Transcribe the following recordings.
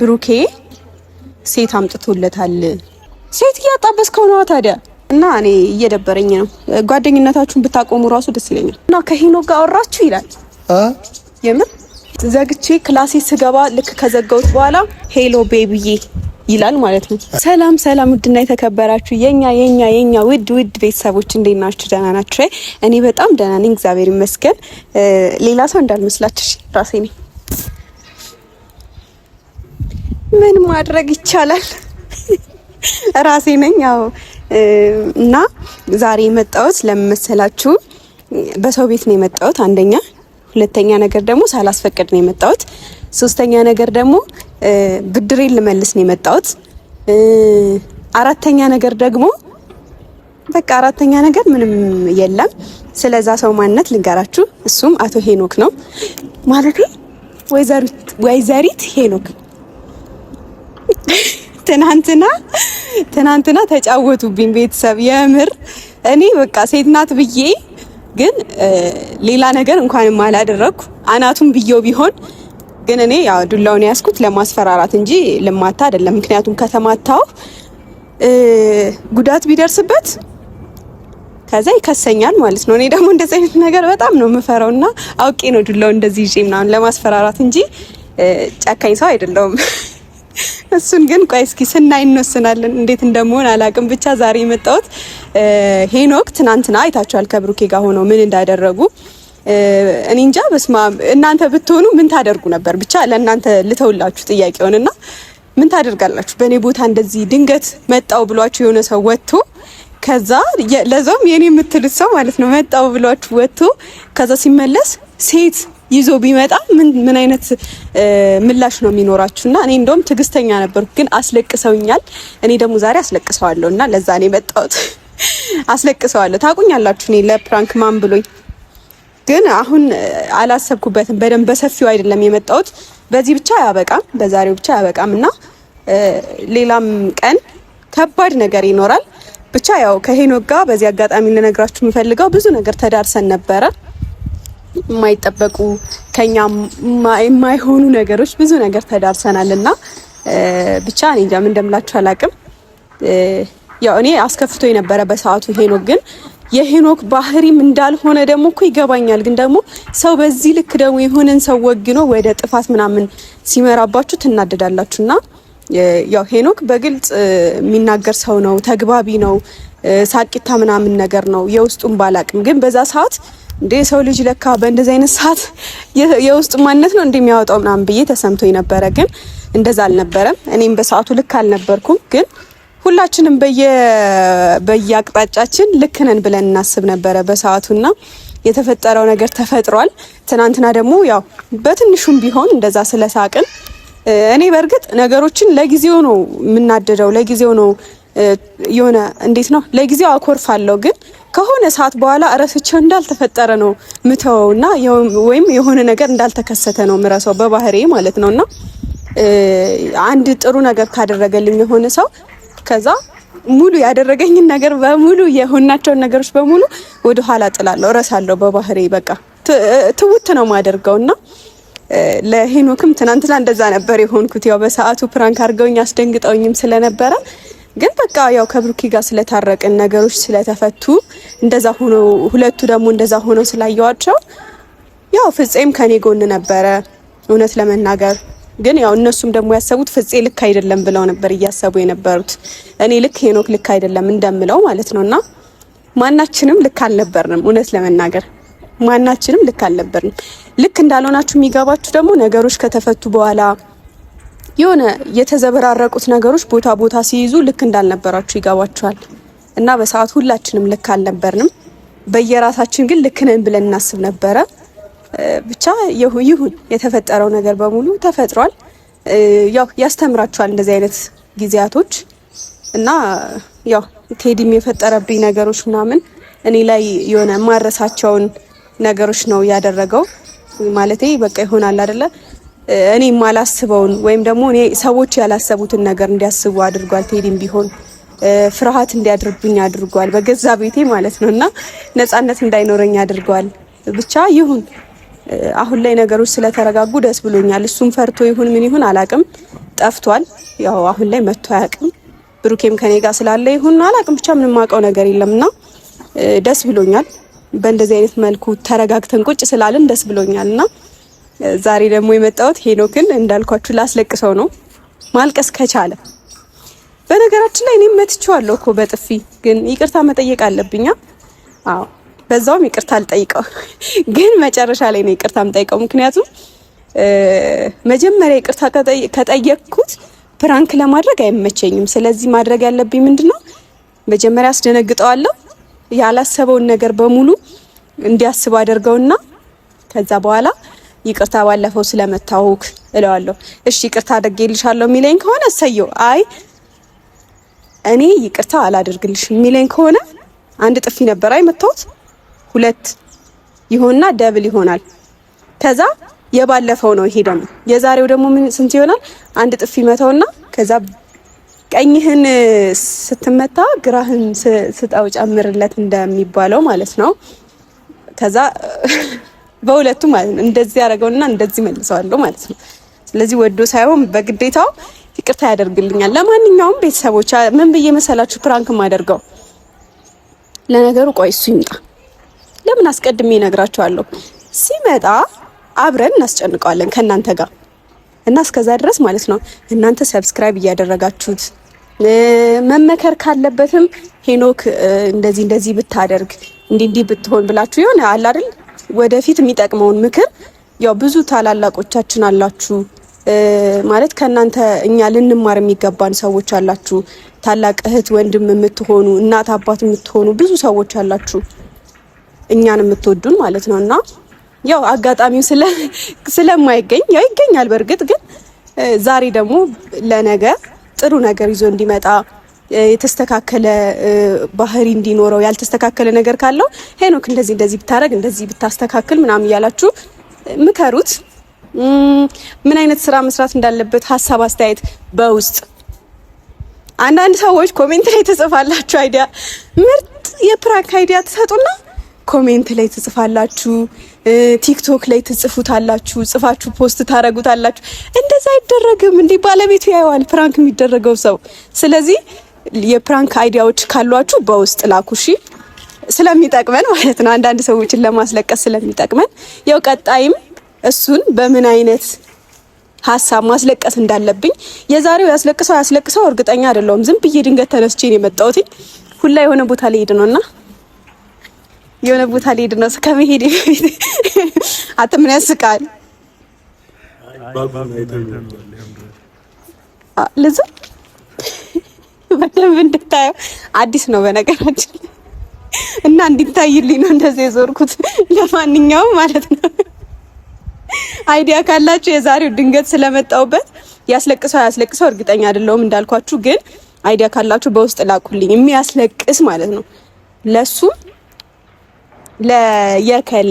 ብሩኬ ሴት አምጥቶለታል። ሴት እያጣበስከው ነዋ ታዲያ። እና እኔ እየደበረኝ ነው። ጓደኝነታችሁን ብታቆሙ ራሱ ደስ ይለኛል። እና ከሄኖ ጋር አወራችሁ ይላል። የምር ዘግቼ ክላሴ ስገባ ልክ ከዘጋሁት በኋላ ሄሎ ቤቢዬ ይላል ማለት ነው። ሰላም ሰላም፣ ውድና የተከበራችሁ የኛ የኛ የኛ ውድ ውድ ቤተሰቦች እንዴት ናችሁ? ደህና ናችሁ? እኔ በጣም ደህና ነኝ፣ እግዚአብሔር ይመስገን። ሌላ ሰው እንዳልመስላችሽ ራሴ ነኝ። ምን ማድረግ ይቻላል? ራሴ ነኝ። ያው እና ዛሬ የመጣሁት ለምን መሰላችሁ? በሰው ቤት ነው የመጣሁት አንደኛ፣ ሁለተኛ ነገር ደግሞ ሳላስፈቅድ ነው የመጣሁት፣ ሶስተኛ ነገር ደግሞ ብድሬን ልመልስ ነው የመጣሁት፣ አራተኛ ነገር ደግሞ በቃ አራተኛ ነገር ምንም የለም። ስለዛ ሰው ማንነት ልንገራችሁ። እሱም አቶ ሄኖክ ነው ማለት ወይዘሪት ሄኖክ ትናንትና ትናንትና ተጫወቱብኝ ቤተሰብ የምር እኔ በቃ ሴት ናት ብዬ ግን ሌላ ነገር እንኳንም አላደረግኩ አናቱን ብዬው ቢሆን ግን እኔ ያው ዱላውን ያስኩት ለማስፈራራት እንጂ ልማታ አይደለም። ምክንያቱም ከተማታው ጉዳት ቢደርስበት ከዛ ይከሰኛል ማለት ነው። እኔ ደግሞ እንደዚህ አይነት ነገር በጣም ነው የምፈራውና አውቄ ነው ዱላውን እንደዚህ ይዤ ምናምን ለማስፈራራት እንጂ ጨካኝ ሰው አይደለሁም። እሱን ግን ቆይ እስኪ ስናይ እንወስናለን። እንዴት እንደመሆን አላቅም። ብቻ ዛሬ የመጣሁት ሄኖክ ትናንትና አይታችኋል፣ ከብሩኬ ጋር ሆነው ምን እንዳደረጉ እኔ እንጃ። በስማ እናንተ ብትሆኑ ምን ታደርጉ ነበር? ብቻ ለእናንተ ልተውላችሁ ጥያቄውንና ምን ታደርጋላችሁ? በእኔ ቦታ እንደዚህ ድንገት መጣው ብሏችሁ የሆነ ሰው ወጥቶ ከዛ ለዛውም የኔ የምትሉት ሰው ማለት ነው መጣው ብሏችሁ ወጥቶ ከዛ ሲመለስ ሴት ይዞ ቢመጣ ምን አይነት ምላሽ ነው የሚኖራችሁ? እና እኔ እንደውም ትግስተኛ ነበርኩ፣ ግን አስለቅሰውኛል። እኔ ደግሞ ዛሬ አስለቅሰዋለሁ እና ለዛ ነው የመጣሁት። አስለቅሰዋለሁ። ታቁኛላችሁ፣ እኔ ለፕራንክ ማን ብሎኝ ግን አሁን አላሰብኩበትም። በደንብ በሰፊው አይደለም የመጣሁት። በዚህ ብቻ አያበቃም፣ በዛሬው ብቻ አያበቃም እና ሌላም ቀን ከባድ ነገር ይኖራል። ብቻ ያው ከሄኖክ ጋር በዚህ አጋጣሚ ልነግራችሁ የምፈልገው ብዙ ነገር ተዳርሰን ነበረ። የማይጠበቁ ከኛ የማይሆኑ ነገሮች ብዙ ነገር ተዳርሰናል እና ብቻ እኔ እንጃ ምን እንደምላችሁ አላቅም። ያው እኔ አስከፍቶ የነበረ በሰዓቱ ሄኖክ ግን የሄኖክ ባህሪም እንዳልሆነ ደግሞ እኮ ይገባኛል። ግን ደግሞ ሰው በዚህ ልክ ደግሞ የሆነን ሰው ወግኖ ወደ ጥፋት ምናምን ሲመራባችሁ እና ያው ሄኖክ በግልጽ የሚናገር ሰው ነው፣ ተግባቢ ነው፣ ሳቂታ ምናምን ነገር ነው የውስጡን ባላቅም ግን በዛ ሰዓት እንዴ ሰው ልጅ ለካ በእንደዚህ አይነት ሰዓት የውስጥ ማንነት ነው እንደሚያወጣው ምናምን ብዬ ተሰምቶ የነበረ ግን እንደዛ አልነበረም። እኔም በሰዓቱ ልክ አልነበርኩም። ግን ሁላችንም በየ በየአቅጣጫችን ልክ ነን ብለን እናስብ ነበረ በሰዓቱና የተፈጠረው ነገር ተፈጥሯል። ትናንትና ደግሞ ያው በትንሹም ቢሆን እንደዛ ስለሳቅን እኔ በእርግጥ ነገሮችን ለጊዜው ነው የምናደደው፣ ለጊዜው ነው የሆነ እንዴት ነው ለጊዜው አኮርፋለሁ፣ ግን ከሆነ ሰዓት በኋላ እረስቸው እንዳልተፈጠረ ነው እና ወይም የሆነ ነገር እንዳልተከሰተ ነው ምረሰው በባህሬ ማለት እና አንድ ጥሩ ነገር ካደረገልኝ የሆነ ሰው ከዛ ሙሉ ያደረገኝን ነገር በሙሉ የሆናቸውን ነገሮች በሙሉ ወደ ኋላ ጥላለሁ፣ እረሳለሁ። በባህሬ በቃ ትውት ነው ማደርገውና ለሄኖክም ትናንትና እንደዛ ነበር የሆንኩት። ያው በሰዓቱ ፕራንክ አድርገውኝ አስደንግጠውኝም ስለነበረ ግን በቃ ያው ከብሩኪ ጋር ስለታረቅን ነገሮች ስለተፈቱ እንደዛ ሆኖ ሁለቱ ደግሞ እንደዛ ሆኖ ስላየዋቸው ያው ፍፄም ከኔ ጎን ነበረ እውነት ለመናገር ግን ያው እነሱም ደግሞ ያሰቡት ፍፄ ልክ አይደለም ብለው ነበር እያሰቡ የነበሩት። እኔ ልክ ሄኖክ ልክ አይደለም እንደምለው ማለት ነውና ማናችንም ልክ አልነበርንም። እውነት ለመናገር ማናችንም ልክ አልነበርንም። ልክ እንዳልሆናችሁ የሚገባችሁ ደግሞ ነገሮች ከተፈቱ በኋላ የሆነ የተዘበራረቁት ነገሮች ቦታ ቦታ ሲይዙ ልክ እንዳልነበራችሁ ይገባችኋል። እና በሰዓት ሁላችንም ልክ አልነበርንም። በየራሳችን ግን ልክ ነን ብለን እናስብ ነበረ። ብቻ ይሁን የተፈጠረው ነገር በሙሉ ተፈጥሯል። ያው ያስተምራችኋል እንደዚህ አይነት ጊዜያቶች እና ያው ቴዲም የፈጠረብኝ ነገሮች ምናምን እኔ ላይ የሆነ ማረሳቸውን ነገሮች ነው ያደረገው። ማለቴ በቃ ይሆናል አይደለ እኔ የማላስበውን ወይም ደግሞ እኔ ሰዎች ያላሰቡትን ነገር እንዲያስቡ አድርጓል። ቴዲም ቢሆን ፍርሃት እንዲያድርብኝ አድርጓል፣ በገዛ ቤቴ ማለት ነው እና ነጻነት እንዳይኖረኝ አድርጓል። ብቻ ይሁን አሁን ላይ ነገሮች ስለተረጋጉ ደስ ብሎኛል። እሱም ፈርቶ ይሁን ምን ይሁን አላቅም፣ ጠፍቷል። ያው አሁን ላይ መጥቶ አያቅም። ብሩኬም ከኔ ጋር ስላለ ይሁን አላቅም፣ ብቻ ምንም አውቀው ነገር እና ደስ ብሎኛል። በእንደዚህ አይነት መልኩ ተረጋግተን ቁጭ ስላልን ደስ ብሎኛል እና ዛሬ ደግሞ የመጣሁት ሄኖክን እንዳልኳችሁ ላስለቅሰው ነው። ማልቀስ ከቻለ በነገራችን ላይ እኔም መትቼዋለሁ እኮ በጥፊ ግን ይቅርታ መጠየቅ አለብኛ። አዎ በዛውም ይቅርታ አልጠይቀው ግን መጨረሻ ላይ ነው ይቅርታ የምጠይቀው። ምክንያቱም መጀመሪያ ይቅርታ ከጠየቅኩት ፕራንክ ለማድረግ አይመቸኝም። ስለዚህ ማድረግ ያለብኝ ምንድነው መጀመሪያ አስደነግጠዋለሁ። ያላሰበውን ነገር በሙሉ እንዲያስብ አደርገውና ከዛ በኋላ ይቅርታ ባለፈው ስለመታወክ እለዋለሁ። እሺ ይቅርታ አድርጌልሻለሁ የሚለኝ ከሆነ እሰየው። አይ እኔ ይቅርታ አላደርግልሽ የሚለኝ ከሆነ አንድ ጥፊ ነበር አይመታሁት፣ ሁለት ይሆንና ደብል ይሆናል። ከዛ የባለፈው ነው ይሄ ደግሞ የዛሬው ደግሞ ምን ስንት ይሆናል? አንድ ጥፊ መተውና ከዛ ቀኝህን ስትመታ ግራህን ስጣው ጨምርለት እንደሚባለው ማለት ነው። ከዛ በሁለቱም ማለት ነው። እንደዚህ ያደርገውና እንደዚህ መልሰዋለሁ ማለት ነው። ስለዚህ ወዶ ሳይሆን በግዴታው ይቅርታ ያደርግልኛል። ለማንኛውም ቤተሰቦች ምን ብዬ መሰላችሁ ፕራንክ ማደርገው ለነገሩ ቆይ እሱ ይምጣ። ለምን አስቀድሜ እነግራችኋለሁ። ሲመጣ አብረን እናስጨንቀዋለን ከእናንተ ጋር እና እስከዛ ድረስ ማለት ነው እናንተ ሰብስክራይብ እያደረጋችሁት መመከር ካለበትም ሄኖክ እንደዚህ እንደዚህ ብታደርግ እንዲህ እንዲህ ብትሆን ብላችሁ የሆነ አለ አይደል ወደፊት የሚጠቅመውን ምክር ያው ብዙ ታላላቆቻችን አላችሁ ማለት ከእናንተ እኛ ልንማር የሚገባን ሰዎች አላችሁ። ታላቅ እህት ወንድም የምትሆኑ እናት አባት የምትሆኑ ብዙ ሰዎች አላችሁ እኛን የምትወዱን ማለት ነው። እና ያው አጋጣሚው ስለማይገኝ ያው ይገኛል በእርግጥ ግን ዛሬ ደግሞ ለነገ ጥሩ ነገር ይዞ እንዲመጣ የተስተካከለ ባህሪ እንዲኖረው ያልተስተካከለ ነገር ካለው ሄኖክ እንደዚህ እንደዚህ ብታረግ እንደዚህ ብታስተካክል ምናምን እያላችሁ ምከሩት። ምን አይነት ስራ መስራት እንዳለበት ሀሳብ፣ አስተያየት በውስጥ አንዳንድ ሰዎች ኮሜንት ላይ ትጽፋላችሁ። አይዲያ ምርጥ የፕራንክ አይዲያ ትሰጡና ኮሜንት ላይ ትጽፋላችሁ፣ ቲክቶክ ላይ ትጽፉታላችሁ፣ ጽፋችሁ ፖስት ታረጉታላችሁ። እንደዛ አይደረግም። እንዲህ ባለቤቱ ያየዋል ፕራንክ የሚደረገው ሰው። ስለዚህ የፕራንክ አይዲያዎች ካሏችሁ በውስጥ ላኩ። እሺ፣ ስለሚጠቅመን ማለት ነው፣ አንዳንድ ሰዎችን ለማስለቀስ ስለሚጠቅመን። ያው ቀጣይም እሱን በምን አይነት ሀሳብ ማስለቀስ እንዳለብኝ የዛሬው ያስለቅሰው ያስለቅሰው እርግጠኛ አይደለሁም። ዝም ብዬ ድንገት ተነስቼ ነው የመጣሁት። ሁላ የሆነ ቦታ ነው እና የሆነ ቦታ ሊሄድ ነው። ከመሄድ አትምን ያስቃል ልዝም በደንብ እንድታየው አዲስ ነው በነገራችን እና እንዲታይልኝ ነው እንደዚህ የዞርኩት። ለማንኛውም ማለት ነው አይዲያ ካላችሁ የዛሬው ድንገት ስለመጣውበት ያስለቅሰው ያስለቅሰው እርግጠኛ አይደለሁም እንዳልኳችሁ፣ ግን አይዲያ ካላችሁ በውስጥ ላኩልኝ። የሚያስለቅስ ማለት ነው ለሱ ለየከል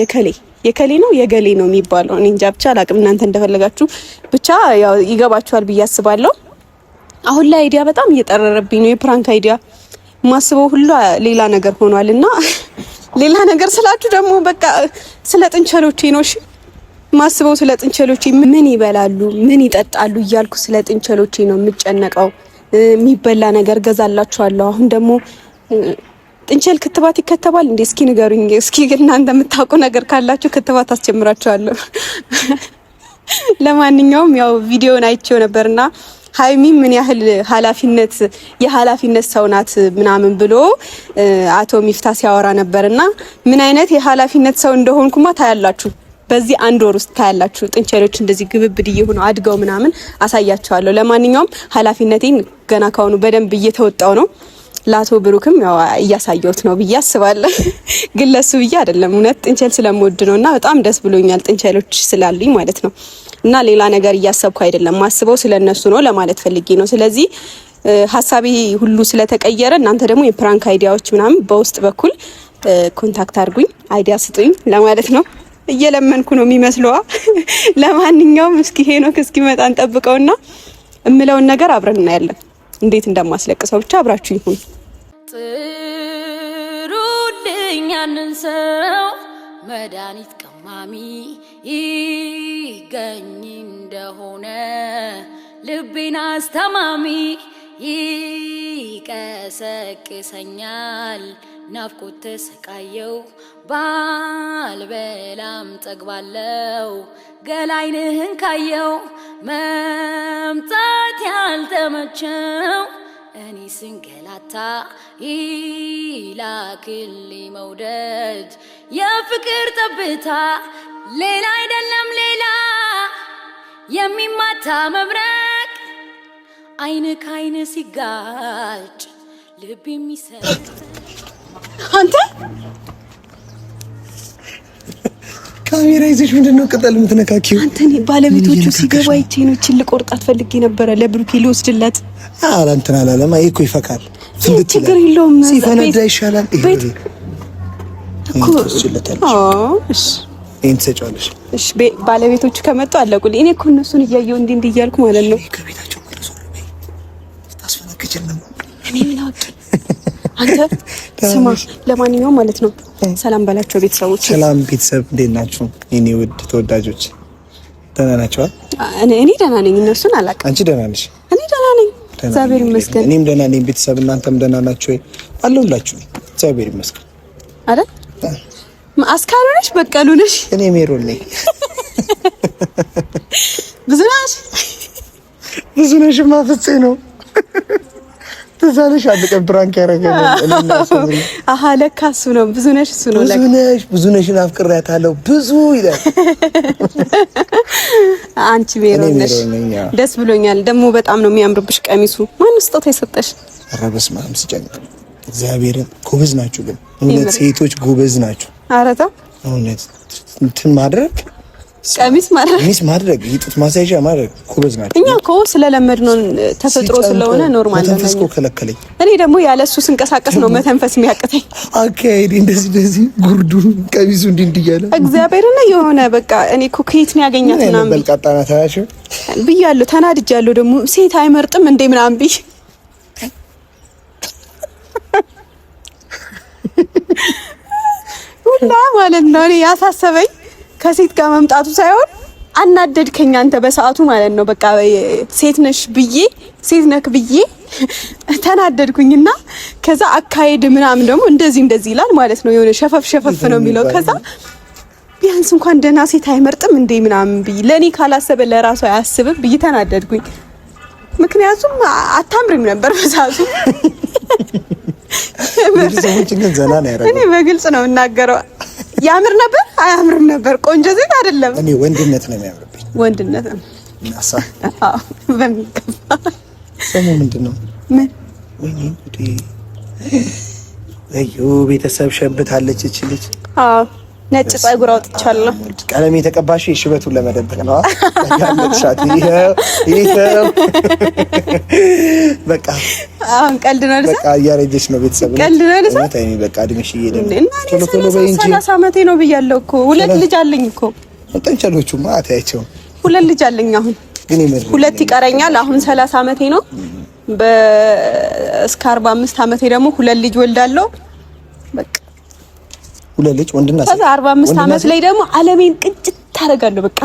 የከሌ የከሌ ነው የገሌ ነው የሚባለው እኔ እንጃ ብቻ አላቅም። እናንተ እንደፈለጋችሁ ብቻ ያው ይገባችኋል ብዬ አስባለሁ። አሁን ላይ አይዲያ በጣም እየጠረረብኝ ነው። የፕራንክ አይዲያ ማስበው ሁሉ ሌላ ነገር ሆኗል እና ሌላ ነገር ስላችሁ ደግሞ በቃ ስለ ጥንቸሎቼ ነው። እሺ ማስበው ስለ ጥንቸሎቼ ምን ይበላሉ፣ ምን ይጠጣሉ እያልኩ ስለ ጥንቸሎቼ ነው የምጨነቀው። የሚበላ ነገር ገዛላችኋለሁ። አሁን ደግሞ ጥንቸል ክትባት ይከተባል እንዴ? እስኪ ንገሩኝ። እስኪ እናንተ የምታውቁ ነገር ካላችሁ ክትባት አስጀምራችኋለሁ። ለማንኛውም ያው ቪዲዮን አይቼው ነበርና ሀይሚ ምን ያህል ኃላፊነት የኃላፊነት ሰው ናት ምናምን ብሎ አቶ ሚፍታ ሲያወራ ነበርና ምን አይነት የኃላፊነት ሰው እንደሆንኩማ ታያላችሁ። በዚህ አንድ ወር ውስጥ ታያላችሁ። ጥንቸሎች እንደዚህ ግብብድ እየሆኑ አድገው ምናምን አሳያቸዋለሁ። ለማንኛውም ኃላፊነቴን ገና ካሁኑ በደንብ እየተወጣው ነው። ለአቶ ብሩክም ያው እያሳየሁት ነው ብዬ አስባለሁ። ግን ለሱ ብዬ አይደለም፣ እውነት ጥንቸል ስለምወድ ነው እና በጣም ደስ ብሎኛል ጥንቸሎች ስላሉኝ ማለት ነው። እና ሌላ ነገር እያሰብኩ አይደለም። ማስበው ስለነሱ ነው ለማለት ፈልጌ ነው። ስለዚህ ሀሳቤ ሁሉ ስለተቀየረ እናንተ ደግሞ የፕራንክ አይዲያዎች ምናምን በውስጥ በኩል ኮንታክት አድርጉኝ፣ አይዲያ ስጡኝ ለማለት ነው። እየለመንኩ ነው የሚመስለዋ። ለማንኛውም እስኪ ሄኖክ እስኪመጣ እንጠብቀውና እምለውን ነገር አብረን እናያለን፣ እንዴት እንደማስለቅሰው ብቻ አብራችሁ ይሁን። ጥሩልኝ ያንን ሰው መድኃኒት ቀማሚ ይገኝ እንደሆነ ልቤን አስተማሚ ይቀሰቅሰኛል ናፍቆት ተሰቃየው ባልበላም ጠግባለው ገላይንህን ካየው መምጣት ያልተመቸው እኔ ስንገላታ ይላክል መውደድ የፍቅር ጠብታ ሌላ አይደለም ሌላ የሚማታ መብረቅ አይን ከአይን ሲጋጭ ልብ የሚሰጥ አንተ ካሜራ ይዘሽ ምንድን ነው ቅጠል የምትነካኪው? አንተ ባለቤቶቹ ሲገባ ይቼኖችን ነው እችን ልቆርጣት ፈልጌ ነበረ ለብሩኬ ልወስድላት። ኧረ እንትን አላለማ። ይሄ እኮ ይፈካል፣ ችግር የለውም ሲፈነዳ ይሻላል። ይሄ እኮ እሺ ይሄን ትሰጫለሽ። እሺ ባለቤቶቹ ከመጡ አለቁልኝ። እኔ እኮ እነሱን እያየው እንዲህ እንዲህ እያልኩ ማለት ነው። ከቤታቸው መልሶ ነው። እኔ ምን አውቄ። አንተ ስማ፣ ለማንኛውም ማለት ነው ሰላም ባላቸው ቤተሰቦች። ሰላም ቤተሰብ፣ እንዴት ናችሁ? የኔ ውድ ተወዳጆች ደህና ናቸዋል። እኔ ደህና ነኝ፣ እነሱን አላውቅም። አንቺ ደህና ነሽ? እኔ ደህና ነኝ፣ እግዚአብሔር ይመስገን። እኔም ደህና ነኝ ቤተሰብ። እናንተም ደህና ናችሁ? አለሁላችሁ፣ እግዚአብሔር ይመስገን አይደል አስካሉ ነሽ፣ በቀሉ ነሽ። እኔ ሜሮን ነኝ። ብዙ ነሽ፣ ብዙ ነሽ። ማፍጼ ነው ትዝ አንድ ቀን ብራንክ ያደረገን አሀ፣ ለካ እሱ ነው። ብዙ ነሽ፣ እሱ ነው። ብዙ ነሽ፣ ብዙ ነሽ። አፍቅሬያታለሁ ብዙ ይላል። አንቺ ሜሮን ነሽ። ደስ ብሎኛል። ደግሞ በጣም ነው የሚያምርብሽ ቀሚሱ። ማን ስጦታ የሰጠሽ? ኧረ በስመ አብ ሲጨንቅ እግዚአብሔርን ጎበዝ ናችሁ። ግን እውነት ሴቶች ጎበዝ ናችሁ። አረታ እውነት እንትን ማድረግ ቀሚስ ማድረግ ቀሚስ ማድረግ ይጥት ማሳያዣ ማድረግ ጎበዝ ናችሁ። እኛ እኮ ስለለመድ ነው ተፈጥሮ ስለሆነ ኖርማል ነው። መተንፈስ ከለከለኝ። እኔ ደግሞ ያለ እሱ ስንቀሳቀስ ነው መተንፈስ የሚያቅተኝ። አካሄድ እንደዚህ እንደዚህ ጉርዱ ቀሚሱ እንዲህ እንዲህ እያለ እግዚአብሔር የሆነ በቃ እኔ እኮ ከየት ነው ያገኛት ምናምን ብያለሁ። ተናድጃለሁ ደግሞ ሴት አይመርጥም እንዴ ምናምን ብዬ ሁላ ማለት ነው። እኔ ያሳሰበኝ ከሴት ጋር መምጣቱ ሳይሆን አናደድከኝ አንተ በሰዓቱ ማለት ነው። በቃ ሴት ነሽ ብዬ ሴት ነክ ብዬ ተናደድኩኝና ከዛ አካሄድ ምናምን ደግሞ እንደዚህ እንደዚህ ይላል ማለት ነው። የሆነ ሸፈፍ ሸፈፍ ነው የሚለው። ከዛ ቢያንስ እንኳን ደህና ሴት አይመርጥም እንዴ ምናምን ብዬ ለእኔ ካላሰበ ለራሱ አያስብም ብዬ ተናደድኩኝ። ምክንያቱም አታምርም ነበር በሰዓቱ ቤተሰቦችን ግን ዘና ነው ያደረገው። እኔ በግልጽ ነው የምናገረው። ያምር ነበር አያምርም ነበር? ቆንጆ ዜት አይደለም። እኔ ወንድነት ነው የሚያምርብኝ። ወንድነት ነው በሚገባ። ስሙ ምንድን ነው? ምን ወይኔ ቤተሰብ ሸብታለች እች ልጅ። አዎ ነጭ ጸጉር አውጥቻለሁ። ቀለም የተቀባሽ ሽበቱን ለመደበቅ ነው። ይሄ በቃ አሁን ቀልድ ነው። በቃ እያረጀሽ ነው። ቤተሰብ ቀልድ ነው። በቃ እድሜሽ እየሄደ ነው። ሰላሳ ዓመቴ ነው ብያለሁ እኮ። ሁለት ልጅ አለኝ እኮ ጠንጨሎቹ ማታያቸው ሁለት ልጅ አለኝ። አሁን ግን ይመር ሁለት ይቀረኛል። አሁን ሰላሳ አመቴ ነው። እስከ አርባ አምስት ዓመቴ ደግሞ ሁለት ልጅ ወልዳለሁ። በቃ ሁለት ልጅ ወንድና ሴት። አርባ አምስት ዓመት ላይ ደግሞ አለሜን ቅጭት ታደርጋለሁ። በቃ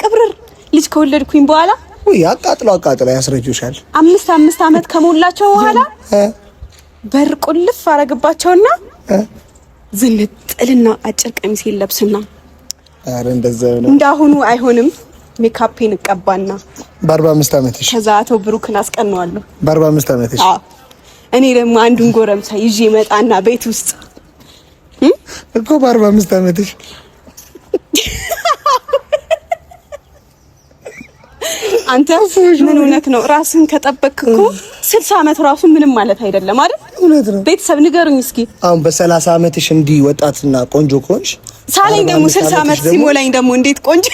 ቅብርር ልጅ ከወለድኩኝ በኋላ ወይ አቃጥሎ አቃጥሎ ያስረጁሻል። አምስት አምስት ዓመት ከሞላቸው በኋላ በር ቁልፍ አረግባቸውና ዝንጥልና አጭር ቀሚስ ይለብስና አረ እንደዛ ነው እንዳሁኑ አይሆንም። ሜካፔን እቀባና በአርባ አምስት እሺ። ከዛ አቶ ብሩክን አስቀነዋለሁ። በአርባ አምስት እሺ። እኔ ደግሞ አንዱን ጎረምሳ ይዤ መጣና ቤት ውስጥ እኮ በአርባ አምስት አመትሽ አንተ ምን እውነት ነው። ራስን ከጠበቅክ እኮ ስልሳ አመት ራሱ ምንም ማለት አይደለም አይደል? እውነት ነው። ቤተሰብ ንገሩኝ እስኪ አሁን በሰላሳ አመትሽ እንዲህ ወጣትና ቆንጆ ከሆንሽ ሳለኝ ደግሞ ስልሳ አመት ሲሞላኝ ደግሞ እንዴት ቆንጆ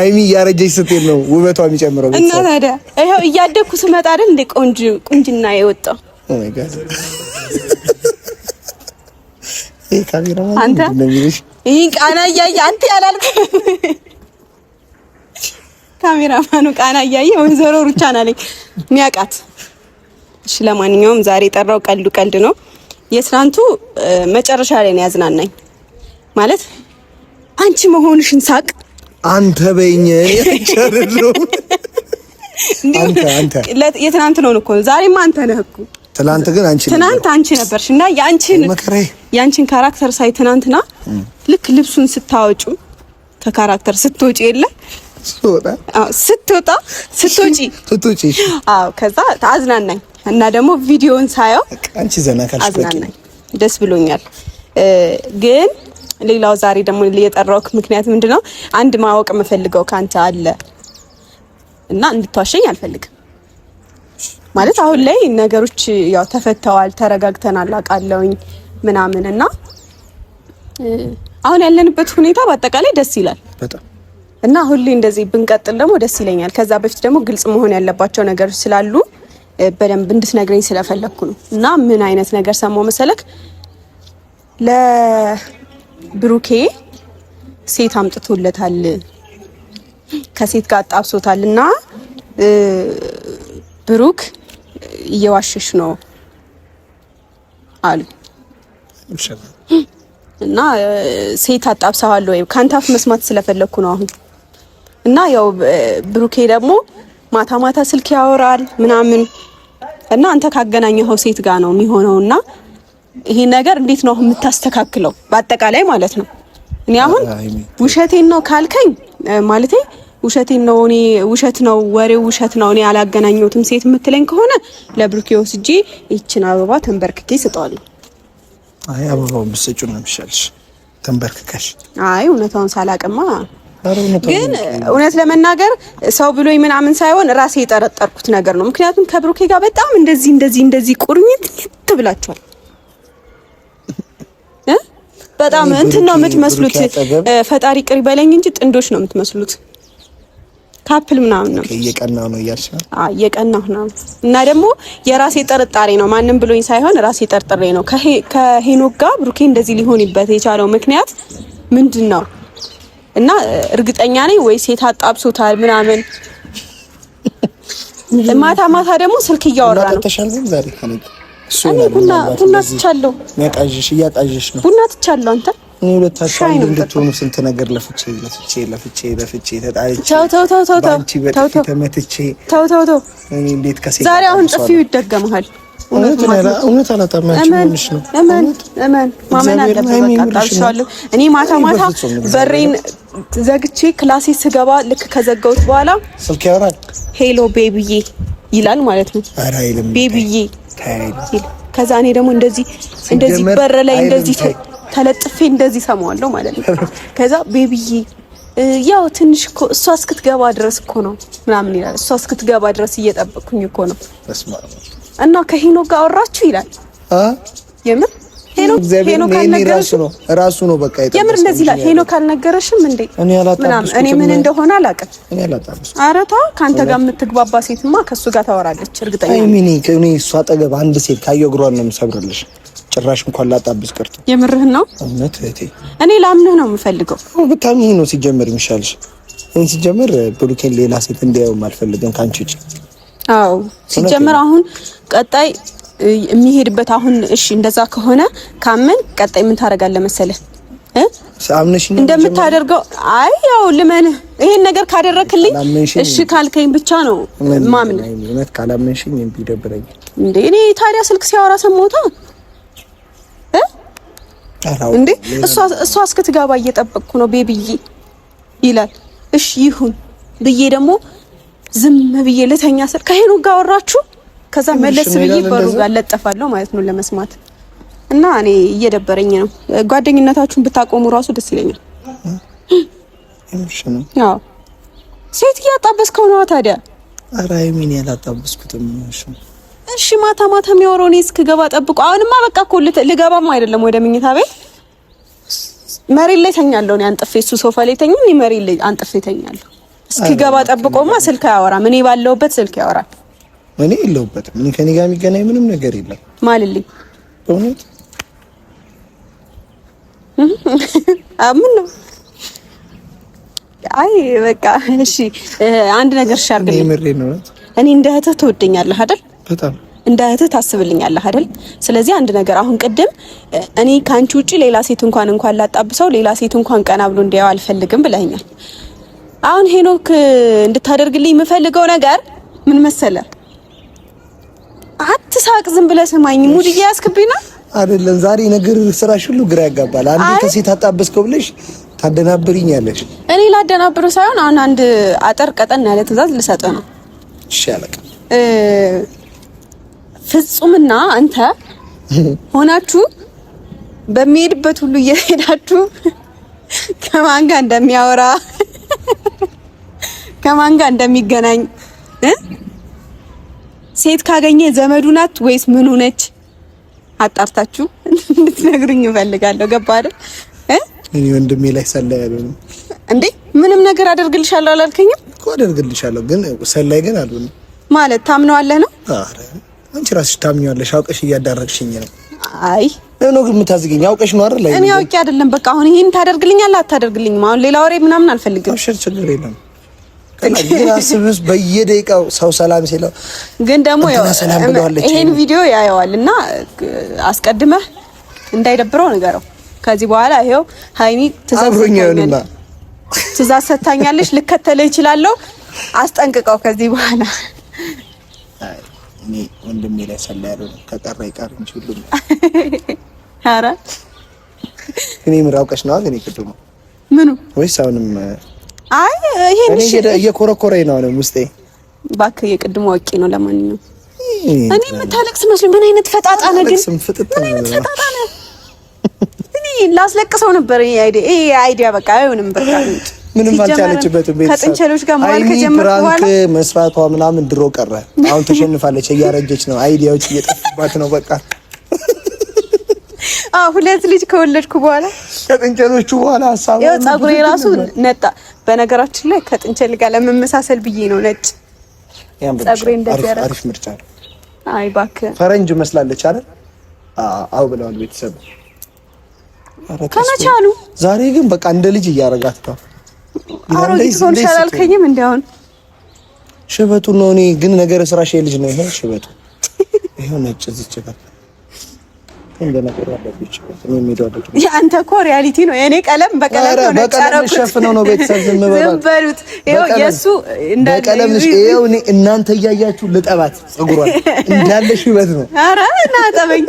አይሚ እያረጀች ስትል ነው ውበቷ የሚጨምረው። እና ታዲያ ይኸው እያደግኩ ስመጣ አይደል እንደ ቆንጆ ቁንጅና የወጣው Oh ይህን ቃና እያየ አንተ ካሜራማኑ ቃና እያየ ወይዘሮ ሩቻን አለኝ ሚያውቃት። እሺ ለማንኛውም ዛሬ የጠራው ቀልዱ ቀልድ ነው። የትናንቱ መጨረሻ ላይ ነው ያዝናናኝ። ማለት አንቺ መሆንሽን ሳቅ አንተ የትናንት እኮ ዛሬማ አንተ ነህ እኮ ትናንት ግን አንቺ ትናንት አንቺ ነበርሽ እና ያንቺን ያንቺን ካራክተር ሳይ ትናንትና ልክ ልብሱን ስታወጩ ከካራክተር ስትወጪ የለ ስትወጣ ስትወጪ ስትወጪ አዎ፣ ከዛ አዝናናኝ እና ደግሞ ቪዲዮን ሳየው አንቺ ዘና ካልሽ አዝናናኝ፣ ደስ ብሎኛል። ግን ሌላው ዛሬ ደግሞ የጠራሁት ምክንያት ምንድነው? አንድ ማወቅ የምፈልገው ካንተ አለ እና እንድትዋሸኝ አልፈልግም። ማለት አሁን ላይ ነገሮች ያው ተፈተዋል፣ ተረጋግተናል አውቃለሁኝ ምናምን እና አሁን ያለንበት ሁኔታ በአጠቃላይ ደስ ይላል በጣም እና ሁሌ እንደዚህ ብንቀጥል ደግሞ ደስ ይለኛል። ከዛ በፊት ደግሞ ግልጽ መሆን ያለባቸው ነገሮች ስላሉ በደንብ እንድትነግረኝ ስለፈለግኩ ነው። እና ምን አይነት ነገር ሰማው መሰለክ ለብሩኬ ሴት አምጥቶለታል፣ ከሴት ጋር አጣብሶታል እና ብሩክ እየዋሸሽ ነው አሉ እና ሴት አጣብሳዋል ወይ ካንታፍ መስማት ስለፈለግኩ ነው አሁን እና ያው ብሩኬ ደግሞ ማታ ማታ ስልክ ያወራል ምናምን እና አንተ ካገናኘኸው ሴት ጋር ነው የሚሆነው። እና ይሄ ነገር እንዴት ነው የምታስተካክለው? በአጠቃላይ ማለት ነው እኔ አሁን ውሸቴን ነው ካልከኝ ማለቴ ውሸቴን ነው እኔ ውሸት ነው ወሬው ውሸት ነው እኔ አላገናኘሁትም ሴት የምትለኝ ከሆነ ለብሩኬ ወስጄ ይችን አበባ ተንበርክኬ ስጠዋለሁ። አይ አበባውን ብትሰጪው ነው የሚሻልሽ ተንበርክከሽ። አይ እውነታውን ሳላቅማ ግን እውነት ለመናገር ሰው ብሎኝ ምናምን ሳይሆን ራሴ የጠረጠርኩት ነገር ነው። ምክንያቱም ከብሩኬ ጋር በጣም እንደዚህ እንደዚህ እንደዚህ ቁርኝት ብላችኋል። በጣም እንትን ነው የምትመስሉት። ፈጣሪ ቅሪ በለኝ እንጂ ጥንዶች ነው የምትመስሉት። ካፕል ምናምን ነው እየቀናሁ ነው እያልሽ ነው? አዎ እየቀናሁ ነው። እና ደግሞ የራሴ ጥርጣሬ ነው፣ ማንም ብሎኝ ሳይሆን ራሴ ጠርጥሬ ነው። ከሄኖክ ጋር ብሩኬ እንደዚህ ሊሆንበት የቻለው ምክንያት ምንድን ነው? እና እርግጠኛ ነኝ ወይስ የታጣብሶታል ምናምን። ማታ ማታ ደግሞ ስልክ እያወራ ነው። ቡና ቡና ትቻለሁ፣ ቡና ትቻለሁ አንተ እኔ ሁለታችሁ አንድ እንድትሆኑ ስንት ነገር ለፍቼ ለፍቼ ለፍቼ ለፍቼ ተጣልቼ ተመትቼ እኔ እንዴት ከሴት ዛሬ አሁን ጥፊው ይደገምሃል። እውነት አላጣማችሁሽ ነው። እመን ማመን አለበት። እኔ ማታ ማታ በሬን ዘግቼ ክላሴ ስገባ ልክ ከዘጋሁት በኋላ ስልክ ያወራል። ሄሎ ቤቢዬ ይላል ማለት ነው። ቤቢዬ ከዛ እኔ ደግሞ እንደዚህ እንደዚህ በር ላይ እንደዚህ ተለጥፌ እንደዚህ ሰማዋለሁ ማለት ነው። ከዛ ቤቢዬ ያው ትንሽ እኮ እሷ እስክትገባ ድረስ እኮ ነው ምናምን ይላል። እሷ እስክትገባ ድረስ እየጠበቅኩኝ እኮ ነው እና ከሄኖ ጋር አወራችሁ ይላል። የምር ካልነገረሽ ነው ራሱ ነው በቃ የምር እንደዚህ ይላል። ሄኖ ካልነገረሽም እንዴ እኔ ምናምን እኔ ምን እንደሆነ አላውቅም። ኧረ ተው ከአንተ ጋር የምትግባባ ሴትማ ከእሱ ጋር ታወራለች እርግጠኛ ነኝ። እኔ እሷ አጠገብ አንድ ሴት ካየሁ እግሯን ነው የምሰብርልሽ ጭራሽ እንኳን ላጣብስ ቀርቶ የምርህ ነው። እውነት እህቴ እኔ ላምንህ ነው የምፈልገው። ብታምኚኝ ነው ሲጀመር የሚሻልሽ። ይህን ሲጀመር ብሩኬን ሌላ ሴት እንዲያየው አልፈልግም ከአንቺ ውጭ። አዎ ሲጀመር አሁን ቀጣይ የሚሄድበት አሁን እሺ፣ እንደዛ ከሆነ ካመን ቀጣይ ምን ታደርጋለህ መሰለህ እንደምታደርገው አይ ያው ልመንህ፣ ይሄን ነገር ካደረክልኝ እሺ ካልከኝ ብቻ ነው ማምን። እውነት ካላመንሽኝ እንዴ እኔ ታዲያ ስልክ ሲያወራ ሰሞታ እንዴ እሷ እስክትጋባ እየጠበቅኩ ነው ቤቢዬ ይላል። እሺ ይሁን ብዬ ደግሞ ዝም ብዬ ልተኛ ስል ከሄኑ ጋር አወራችሁ። ከዛ መለስ ብዬ በሩ ጋር ለጠፋለሁ ማለት ነው ለመስማት እና እኔ እየደበረኝ ነው። ጓደኝነታችሁን ብታቆሙ ራሱ ደስ ይለኛል። አዎ ሴት እያጣበስከው ነዋ ታዲያ። ኧረ ሀይሚን ያላጣበስኩትም እሺ ማታ ማታ የሚያወራው እኔ እስክገባ ጠብቁ። አሁንማ በቃ እኮ ልገባም አይደለም ወደ ምኝታ ቤት መሬት ላይ ተኛለሁ። እኔ አንጥፌ እሱ ሶፋ ላይ ተኝ፣ እኔ መሬት ላይ አንጥፌ ተኛለሁ። እስኪገባ ጠብቆማ ስልክ አያወራም። እኔ ባለሁበት ስልክ ያወራል። እኔ የለሁበትም። እኔ ከኔ ጋር የሚገናኝ ምንም ነገር የለም። ማልልኝ በእውነት አምን ነው? አይ በቃ እሺ፣ አንድ ነገር ሻርግ እኔ እንደ እህትህ ትወደኛለህ አይደል? በጣም እንደ እህትህ ታስብልኛለህ አይደል? ስለዚህ አንድ ነገር አሁን ቅድም እኔ ከአንቺ ውጪ ሌላ ሴት እንኳን እንኳን ላጣብሰው ሌላ ሴት እንኳን ቀና ብሎ እንዲያው አልፈልግም ብለኛል። አሁን ሄኖክ እንድታደርግልኝ የምፈልገው ነገር ምን መሰለ? አትሳቅ፣ ዝም ብለህ ስማኝ። ሙድ እያያዝክብኝ አይደለም? ዛሬ ነገር ስራሽ ሁሉ ግራ ያጋባል። አንድ ከሴት አጣብስከው ብለሽ ታደናብሪኛለሽ። እኔ ላደናብሩ ሳይሆን አሁን አንድ አጠር ቀጠን ያለ ትዕዛዝ ልሰጥህ ነው። እሺ አለቀ ፍጹምና አንተ ሆናችሁ በሚሄድበት ሁሉ እየሄዳችሁ ከማን ጋር እንደሚያወራ ከማን ጋር እንደሚገናኝ ሴት ካገኘ ዘመዱ ናት ወይስ ምኑ ነች? አጣርታችሁ እንድትነግሩኝ እፈልጋለሁ። ገባ አይደል? እኔ ወንድሜ ላይ ሰላይ አልሆንም እንዴ? ምንም ነገር አደርግልሻለሁ አላልከኝም እኮ። አደርግልሻለሁ ግን ሰላይ ግን አልሆንም ማለት ታምነዋለህ ነው። አረ አንቺ ራስሽ ታምኛለሽ። አውቀሽ እያዳረቅሽኝ ነው። አይ ነው ግን የምታዝገኝ አውቀሽ ነው አይደል? እኔ አውቄ አይደለም። በቃ አሁን ይሄን ታደርግልኛለህ አታደርግልኝም። አሁን ሌላ ወሬ ምናምን አልፈልግም። አሽር ችግር የለም። አስብስ በየደቂቃው ሰው ሰላም ሲለው ግን ደግሞ ይሄን ቪዲዮ ያየዋል እና አስቀድመህ እንዳይደብረው ንገረው። ከዚህ በኋላ ይሄው ሀይሚ ትእዛዝ ሰታኛለች ልከተልህ እችላለሁ። አስጠንቅቀው ከዚህ በኋላ እኔ ወንድሜ ላይ ሰላ ያለው ከቀረ ይቀር እንጂ ሁሉም ኧረ እኔ ምን አውቀሽ ነው ቅድሙ ምኑ ወይስ አሁንም አይ ይሄን እሺ እየኮረኮረኝ ነው ነው ውስጤ እባክህ የቅድሙ አውቄ ነው ለማንኛውም እኔ የምታለቅስ መስሎኝ ምን አይነት ፈጣጣ ነህ ግን ምን አይነት ፈጣጣ ነህ እኔ ላስለቅሰው ነበር ይሄ አይዲያ በቃ አይሆንም በቃ ምንም አልቻለችበትም። ከጥንቸሎች ጋር መዋል ከጀመርኩ በኋላ መስፋቷ ምናምን ድሮ ቀረ። አሁን ተሸንፋለች፣ እያረጀች ነው፣ አይዲያዎች እየጠፉባት ነው። በቃ አዎ፣ ሁለት ልጅ ከወለድኩ በኋላ ከጥንቸሎቹ በኋላ ሀሳብ ያው ጸጉሬ ራሱ ነጣ። በነገራችን ላይ ከጥንቸል ጋር ለመመሳሰል ብዬ ነው ነጭ ጸጉሬ እንደዚህ። አሪፍ ምርጫ ነው። አይ እባክህ ፈረንጅ መስላለች አይደል? አዎ ብለዋል ቤተሰብ ከመቻሉ። ዛሬ ግን በቃ እንደ ልጅ እያረጋት ነው አሮጊት ሆንሽ አላልከኝም? እንደ ሽበቱ ነው። እኔ ግን ነገር ስራሽ ልጅ ነው። ይሄ ሽበቱ ይሄው ነጭ ዝጭ የአንተ እኮ ሪያሊቲ ነው። የእኔ ቀለም በቀለም ነው። እናንተ እያያችሁ ልጠባት ፀጉሯን እንዳለ ሽበት ነው። ኧረ እና ጠበኝ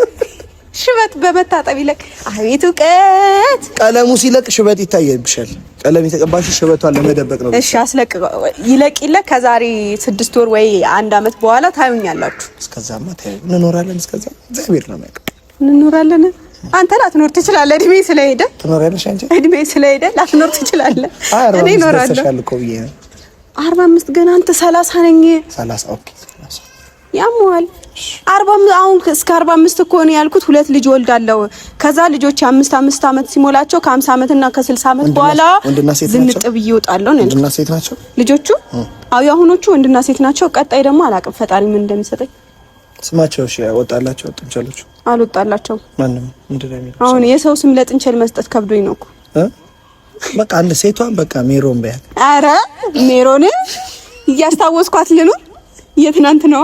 ሽበት በመታጠብ ይለቅ። አቤት እውቀት! ቀለሙ ሲለቅ ሽበት ይታየብሻል። ቀለም የተቀባሽ ሽበቷን ለመደበቅ ነው። እሺ አስለቅ ይለቅ ይለቅ። ከዛሬ ስድስት ወር ወይ አንድ አመት በኋላ ታዩኛላችሁ። እስከዛማ ታዩ እንኖራለን። እስከዛ እግዚአብሔር ነው የሚያውቅ። እንኖራለን። አንተ ላትኖር ትችላለህ፣ እድሜ ስለሄደ። ትኖራለሽ አንቺ፣ እድሜ ስለሄደ ላትኖር ትችላለህ። እኔ እኖራለሁ። አርባ አምስት ገና አንተ ሰላሳ ነኝ። ሰላሳ ኦኬ፣ ሰላሳ ያመዋል። አሁን እስከ 45 እኮ ነው ያልኩት። ሁለት ልጅ ወልዳለው። ከዛ ልጆች አምስት አምስት አመት ሲሞላቸው ከ50 አመት እና 60 አመት በኋላ ዝንጥ ብዬ እወጣለሁ ነው ወንድና ሴት ናቸው ልጆቹ። አዎ የአሁኖቹ ወንድና ሴት ናቸው። ቀጣይ ደግሞ አላቅም ፈጣሪ ምን እንደሚሰጠኝ። ስማቸው እሺ፣ ወጣላቸው ጥንቸሎቹ አልወጣላቸውም። ማንም አሁን የሰው ስም ለጥንቸል መስጠት ከብዶኝ ነው እኮ በቃ አንድ ሴቷን በቃ ሜሮን በያል። አረ ሜሮን እያስታወስኳት ልኑ የትናንት ነው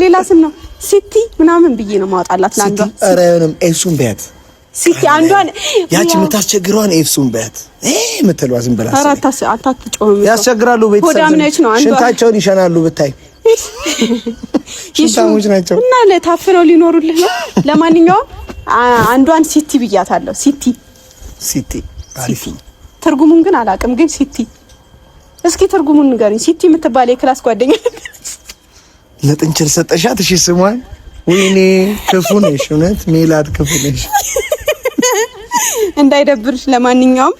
ሌላ ስም ነው ሲቲ ምናምን ብዬ ነው ማውጣላት። ለአንዷ ኧረ አይሆንም ኤፍሱን በያት ሲቲ፣ አንዷን ያቺ የምታስቸግረዋን ኤፍሱን በያት የምትለዋ ዝም ብላ አታትጮህም። ያስቸግራሉ፣ ቤተሰብ ሽንታቸውን ይሸናሉ ብታይ ሽንታሞች ናቸው። እና ታፍነው ሊኖሩልህ ነው። ለማንኛውም አንዷን ሲቲ ብያታለሁ። ሲቲ ሲቲ አሪፍ ትርጉሙን ግን አላውቅም። ግን ሲቲ እስኪ ትርጉሙን ንገሪኝ። ሲቲ የምትባል የክላስ ጓደኛ ለጥንችል ሰጠሻት? እሺ ስሟን። ወይኔ ክፉ ነሽ፣ እውነት ሜላት ክፉ ነሽ። እንዳይደብርሽ። ለማንኛውም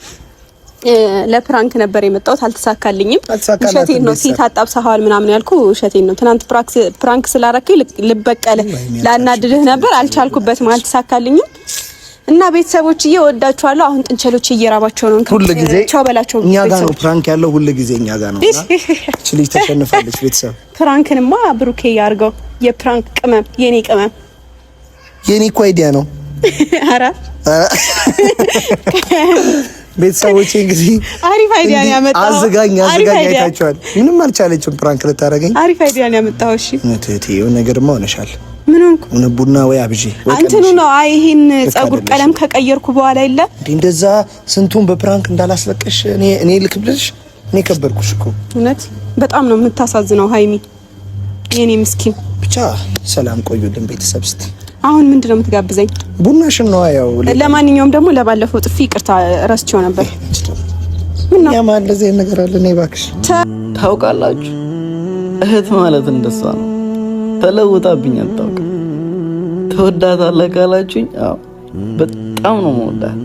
ለፕራንክ ነበር የመጣሁት፣ አልተሳካልኝም። ውሸቴን ነው። ሴት አጣብሳኸዋል ምናምን ያልኩ ውሸቴን ነው። ትናንት ፕራንክ ስላረከኝ ልበቀልህ ላናድድህ ነበር፣ አልቻልኩበትም፣ አልተሳካልኝም። እና ቤተሰቦች ወዳችኋለሁ። አሁን ጥንቸሎች እየራባቸው ነው። ሁሉ ጊዜ ቻው በላቸው። እኛ ጋር ነው ፕራንክ ያለው፣ ሁሉ ጊዜ እኛ ጋር ነው። እቺ ልጅ ተሸንፋለች። ቤተሰብ ፕራንክንማ ብሩኬ ያርገው። የፕራንክ ቅመም፣ የኔ ቅመም፣ የኔ እኮ አይዲያ ነው። አራ ቤተሰቦቼ እንግዲህ አሪፍ አይዲያ ነው ያመጣው። አዝጋኝ አዝጋኝ አይታችኋል። ምንም አልቻለችም ፕራንክ ልታረገኝ። አሪፍ አይዲያ ነው ያመጣው። እሺ ነገር ነገርማ ሆነሻል ምን ቡና ወይ አብጂ እንትኑ ነው። አይ ይሄን ጸጉር ቀለም ከቀየርኩ በኋላ የለ እንደዛ ስንቱን በፕራንክ እንዳላስለቀሽ እኔ እኔ ልክብልሽ እኔ ከበርኩሽ እኮ እውነት። በጣም ነው የምታሳዝነው ሀይሚ የኔ ምስኪን። ብቻ ሰላም ቆዩልን ቤተሰብ። እስቲ አሁን ምንድን ነው የምትጋብዘኝ? ቡናሽን ነው ያው። ለማንኛውም ደግሞ ለባለፈው ጥፊ ይቅርታ ረስቼው ነበር። ምን ነው ያማ እንደዚህ ነገር አለ። እኔ እባክሽ ታውቃላችሁ እህት ማለት እንደሷ ነው ተለውጣብኝ አታውቅም። ተወዳታለህ ካላችሁኝ፣ አዎ በጣም ነው መወዳት